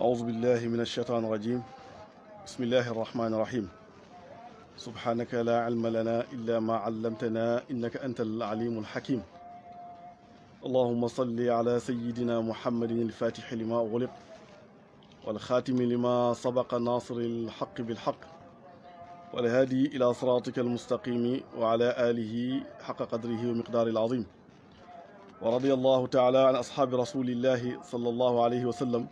أعوذ بالله من الشيطان الرجيم بسم الله الرحمن الرحيم سبحانك لا علم لنا إلا ما علمتنا إنك أنت العليم الحكيم اللهم صل على سيدنا محمد الفاتح لما أغلق والخاتم لما سبق ناصر الحق بالحق والهادي إلى صراطك المستقيم وعلى آله حق قدره ومقدار العظيم ورضي الله تعالى عن أصحاب رسول الله صلى الله عليه وسلم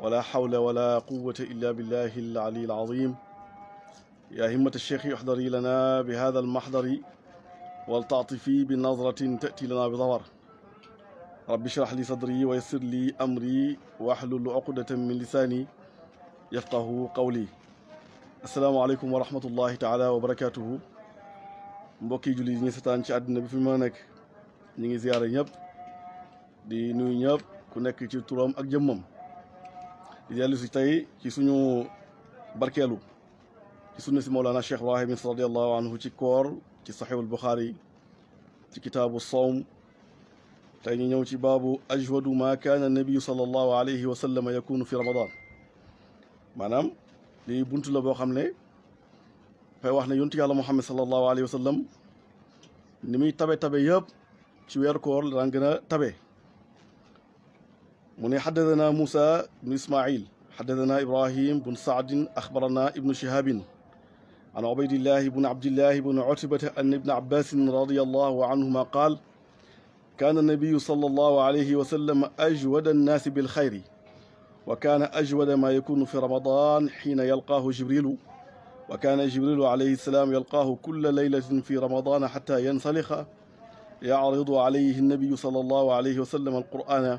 ولا حول ولا قوة إلا بالله العلي العظيم يا همة الشيخ احضري لنا بهذا المحضر ولتعطفي بنظرة تأتي لنا بظفر رب اشرح لي صدري ويسر لي أمري واحلل عقدة من لساني يفقه قولي asalaamaaleykum wa rahmatullahi taala wa barakaatuhu mbokki jullit yi ñu setaan ci àddina bi fi ma nekk ñu ngi ziyaara ñëpp di nuyu ñëpp ku nekk ci turam ak jëmmam dellu si tey ci suñu barkeelu ci sunna si Mawlana Cheikh Ibrahim radiallahu anhu ci koor ci saxiihul Buxaari ci kitaabu sawm tey ñu ñëw ci baabu ajwadu ma kaana nabiyu sallallahu alayhi wa sallam yakunu fi ramadan maanaam lii bunt la boo xam ne fay wax ne yontu yàlla Muhammad sallallahu alayhi wa sallam ni muy tabe tabe yëpp ci weer koor la daan tabe mu ne xaddadanaa Moussa bnu Ismail xaddadanaa Ibrahim bun Saadin axbaranaa ibnu Shihabin an Ubaydillahi bun Abdillahi bun Utbata an ibni Abbasin radiyallahu anhuma qaal كان النبي صلى الله عليه وسلم أجود الناس بالخير وكان أجود ما يكون في رمضان حين يلقاه جبريل وكان جبريل عليه السلام يلقاه كل ليلة في رمضان حتى ينسلخ يعرض عليه النبي صلى الله عليه وسلم القرآن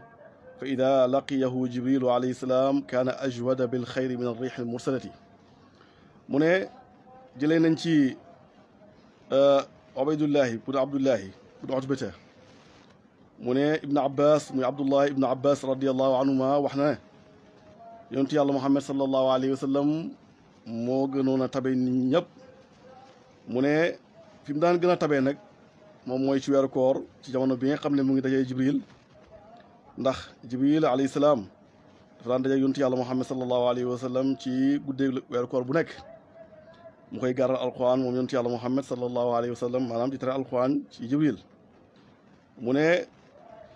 fa ida laqiyahu jibrilu alayhi salaam kaana ajwada bil xayri min arriix al mursalati mu ne jëlee nañ ci euh, Ubaydullahi ibnu Abdullahi ibnu Utbata mu ne Ibn Abbas muy Abdullahi Ibn Abbas radiyallahu anhuma wax na ne yonentu yàlla Muhammad sallallahu alayhi wa sallam moo gënoon a tabe nit ñëpp mu ne fi mu daan gën a tabee nag moom mooy ci weeru koor ci jamono bi nga xam ne mu ngi dajee Jibril ndax jibril alayhi salaam dafa daan dajeeg yontu yàlla muhammad sallallahu alayhi wa sallam ci guddeeg weeru koor bu nekk mu koy gàral alquran moom yontu yàlla muhammad sallallahu alayhi wa sallam maanaam di tere alquran ci jibril mu ne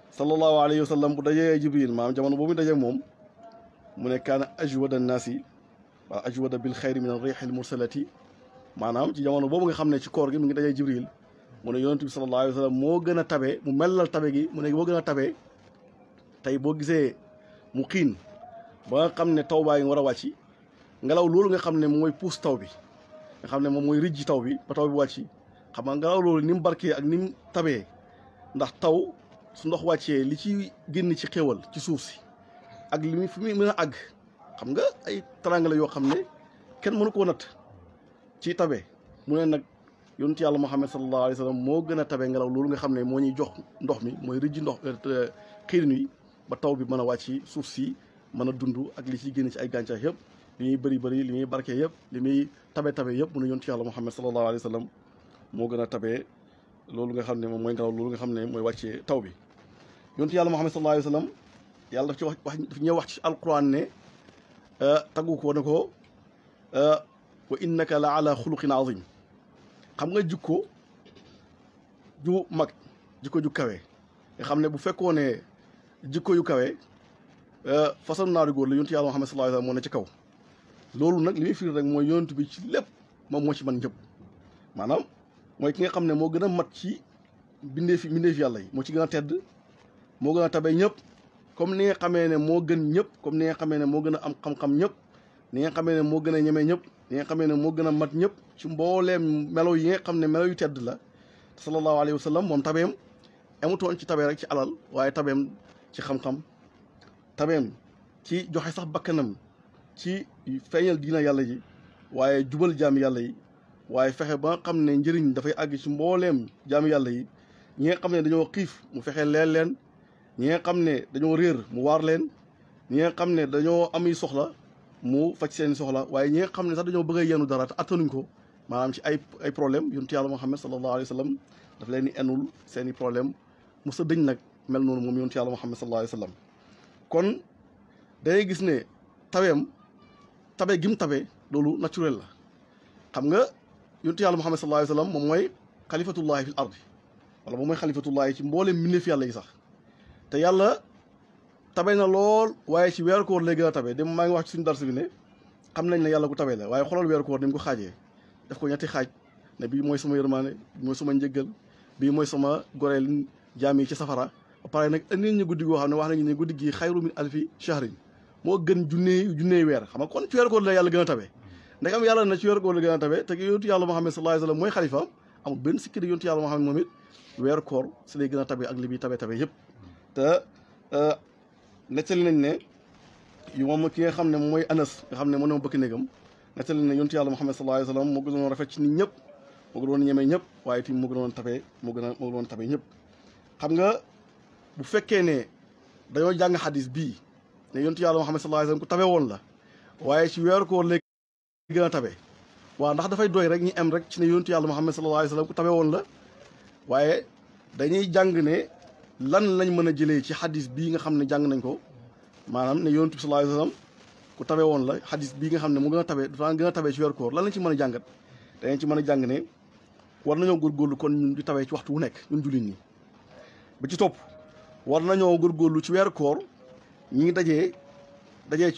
sallallahu alayhi wa sallam bu dajee jibril maanaam jamono boobu mu moom mu ne kaana ajwada naasi waaw ajwada bil xayri min arriix al mursalati maanaam ci jamono boobu nga xam ne ci koor gi mu ngi dajee jibril mu ne yonent alayhi wa moo gën a tabe mu melal tabe gi mu ne moo gën a tabe tey boo gisee mu xiin ba xam ne taw baa ngi war a wàcc ngelaw loolu nga xam ne mooy puus taw bi nga xam ne moom mooy rijji taw bi ba taw bi wàcc xam nga ngelaw loolu ni mu barkee ak ni mu tabee ndax taw su ndox wàccee li ci génn ci xéwal ci suuf si ak li muy mën a àgg xam nga ay teraanga yoo xam ne kenn mënu koo natt ci tabe mu ne nag yonent yàlla Muhammad sallallahu alayhi wa sallam moo gën a tabe ngelaw loolu nga xam ne moo ñuy jox ndox mi mooy rijji ndox euh, xiirin yi ba taw bi mën a wàcc suuf si mën a dund ak li ci génn ci ay gàncax yëpp li muy bari bëri li muy barke yëpp li muy tabe tabe yëpp mu ne yonent yàlla Muhammad sallallahu alayhi wa sallam moo gën a tabee loolu nga xam ne moom mooy ngelaw loolu nga xam ne mooy wàccee taw bi yonent yàlla Muhammad sallallahu alayhi wa sallam yàlla daf ci wax wax daf ñëw wax ci alquran ne euh, taggu ko ne ko euh, wa innaka la ala xuluqin azim xam nga jikko ju mag jikko ju kawe xam ne bu fekkoon ne jikko yu kawe euh, façon naaru goor la yontu yàlla Muhammad sallallahu alayhi wasallam moo ne kaw loolu nag li muy rek mooy yontu bi ci lépp moom moo ci mën ñëpp maanaam mooy ki nga xam ne moo gën a mat ci bindee fi bindee yàlla yi moo ci gën a tedd moo gën a tabe ñëpp comme ni nga xamee ne moo gën ñëpp comme ni nga xamee ne moo gën a am xam ñëpp ni nga xamee ne moo gën a ñemee ñëpp ni nga xamee ne moo gën a mat ñëpp ci mbooleem melo yi nga xam ne melo yu tedd la sallallahu alayhi wasallam moom tabeem amutoon ci tabe rek ci alal waaye tabeem ci xam-xam tabeem ci joxe sax bakkanam ci feeñal diina yàlla ji waaye jubal jaami yàlla yi waaye fexe ba xam ne njëriñ dafay àgg ci mbooleem jaami yàlla yi ñi nga xam ne dañoo xiif mu fexe leen leen ñi nga xam ne dañoo réer mu waar leen ñi nga xam ne dañoo am soxla mu faj seen soxla waaye ñi nga xam ne sax dañoo bëgg a yenu dara te attanuñ ko maanaam ci ay ay problème yonent yàlla Muhammad sallallahu alayhi wa sallam daf leen di enul seen problème mu sa nag mel noonu moom yonent yàlla Muhammad sallallahu alayhi wa sallam kon day gis ne taweem tabe gim tabe loolu naturel la xam nga yonent yàlla Muhammad sallallahu alayhi wa moom mooy xalifatullahi fil ardi wala moom mooy xalifatullahi ci mboolem mbindeef yàlla yi sax te yàlla tabe na lool waaye ci weeru koor lay gën a tabe dem maa ngi wax ci suñu darsi bi ne xam nañ ne yàlla ku tabe la waaye xolool weeru koor ni mu ko xaajee daf ko ñetti xaaj ne bii mooy sama yërmaane bii mooy sama njëggal bii mooy sama goreel jaam yi ci safara pare nag indi ñu guddi ne wax nañu ne guddi gi xayru min alfi shahrin moo gën junne junne weer xam nga kon ci weeru koor la yàlla gën a tabe ndegam yàlla na ci weeru koor la gën a tabe te yontu yàlla Muhammad sallallahu alayhi wasallam mooy xalifaam amul benn sikki di yontu yàlla Muhammad moom it weeru koor si lay gën a tabe ak li muy tabe tabe yëpp te euh, nettali nañ ne yu moom ki nga xam ne mooy Anas nga xam ne moo ne ma bëkk néegam nettali ne yontu yàlla Muhammad sallallahu alayhi wasallam moo gën a rafet ci nit ñëpp moo gën a woon ñemee ñëpp waaye tim moo gën a woon tabe moo gën a a woon tabe ñëpp xam nga bu fekkee ne dañoo jàng xadis bii ne yontu yàlla Muhammad sallallahu alayhi wasallam ku tabe woon la waaye ci weeru koor léegi gën a tabe waaw ndax dafay doy rek ñu am rek ci ne yontu yàlla Muhammad sallallahu alayhi wasallam ku tabe woon la waaye dañuy jàng ne lan lañ mën a jëlee ci xadis bii nga xam ne jàng nañ ko maanaam ne yontu bi sallallahu ku tabe woon la xadis bii nga xam ne mu gën a tabe dafa gën a tabe ci weeru lan lañ ci mën a jàngat dañu ci mën a jàng ne war nañoo góorgóorlu kon ñun di tawee ci waxtu wu nekk ñun jullit ñi ba ci topp war nañoo góorgóorlu ci weeru koor ñi ngi dajee dajee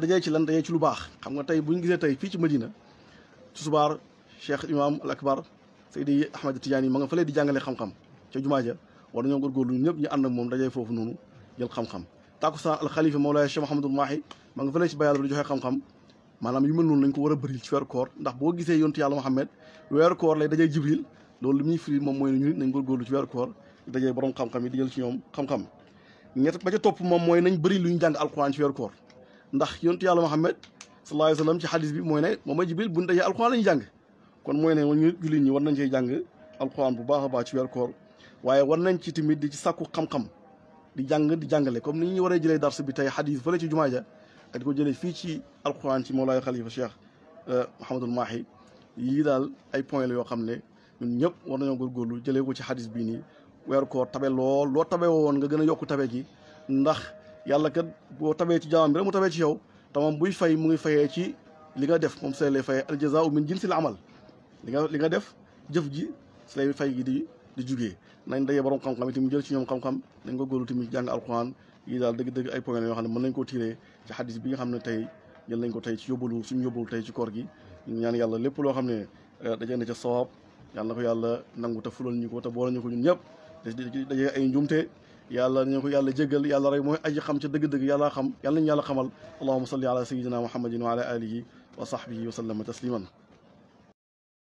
dajee ci lan dajee ci lu baax xam nga tey bu ñu gisee tey fii ci Madina ci subaar Cheikh Imam al Akbar Seydi Ahmad Tidiane ma nga fële di jàngale xam-xam ca jumaa ja war nañoo góorgóorlu ñëpp ñu ànd ak moom dajee foofu noonu jël xam-xam tàkkusaan al Khalifa Mawlaay Cheikh Mahamadul Maahi ma nga fële ci bayaal bi di joxe xam-xam maanaam yu mel noonu lañ ko war a bëril ci weeru koor ndax boo gisee yoon yàlla Muhammad weeru koor lay dajee loolu li muy firi moom mooy ne ñu nit nañ góorgóorlu ci weeru koor daje borom xam-xam yi di jël ci ñoom xam-xam ñett ba ca topp moom mooy nañ bëri lu ñu jàng alquran ci weeru koor ndax yontu yàlla Muhammad sallallahu alayhi wa sallam ci xadis bi mooy ne moom a jibril buñ dajee alquran la ñu jàng kon mooy ne ñu jullit ñi war nañ cee jàng alquran bu baax a baax ci weeru koor waaye war nañ ci tamit di ci sàkku xam-xam di jàng di jàngale comme ni ñu war a jëlee dars bi tey xadis fële ci jumaa ja ak di ko jëlee fii ci alquran ci Mawlaay Xalifa Cheikh euh, Mouhamadul Mahi yii daal ay point la yoo xam ne ñun ñëpp war nañoo góorgóorlu jëlee ko ci xadis bii nii weeru koor tabe lool loo tabe woon nga gën a yokku tabe gi ndax yàlla kat boo tabee ci jaamam bi rek mu tabee ci yow tamam buy fay mu ngi fayee ci li nga def moom si lay fayee aljazaau min jinsil amal li li nga def jëf ji si lay fay di di jugee nañ dajee borom xam-xam itam jël ci ñoom xam-xam nañ ko góorlu tamit jàng alquran yi daal dëgg-dëgg ay points yoo xam ne mën nañ koo tiré ci xadis bi nga xam ne tey jël nañ ko tey ci yóbbalu suñu yóbbalu tey ci koor gi ñaan yàlla lépp loo xam ne eh, dajee na ca sawab yàlla na ko yàlla nangu te fulal ñu ko te boole ñu ñëpp daje ay njumte yàlla ñu ko yàlla jéggal yàlla rek mooy aji xam ca dëgg-dëgg yàlla xam yàlla nañu yàlla xamal allahuma salli ala sayidina muhammadin wa ala alihi wa sahbihi wa sallama tasliman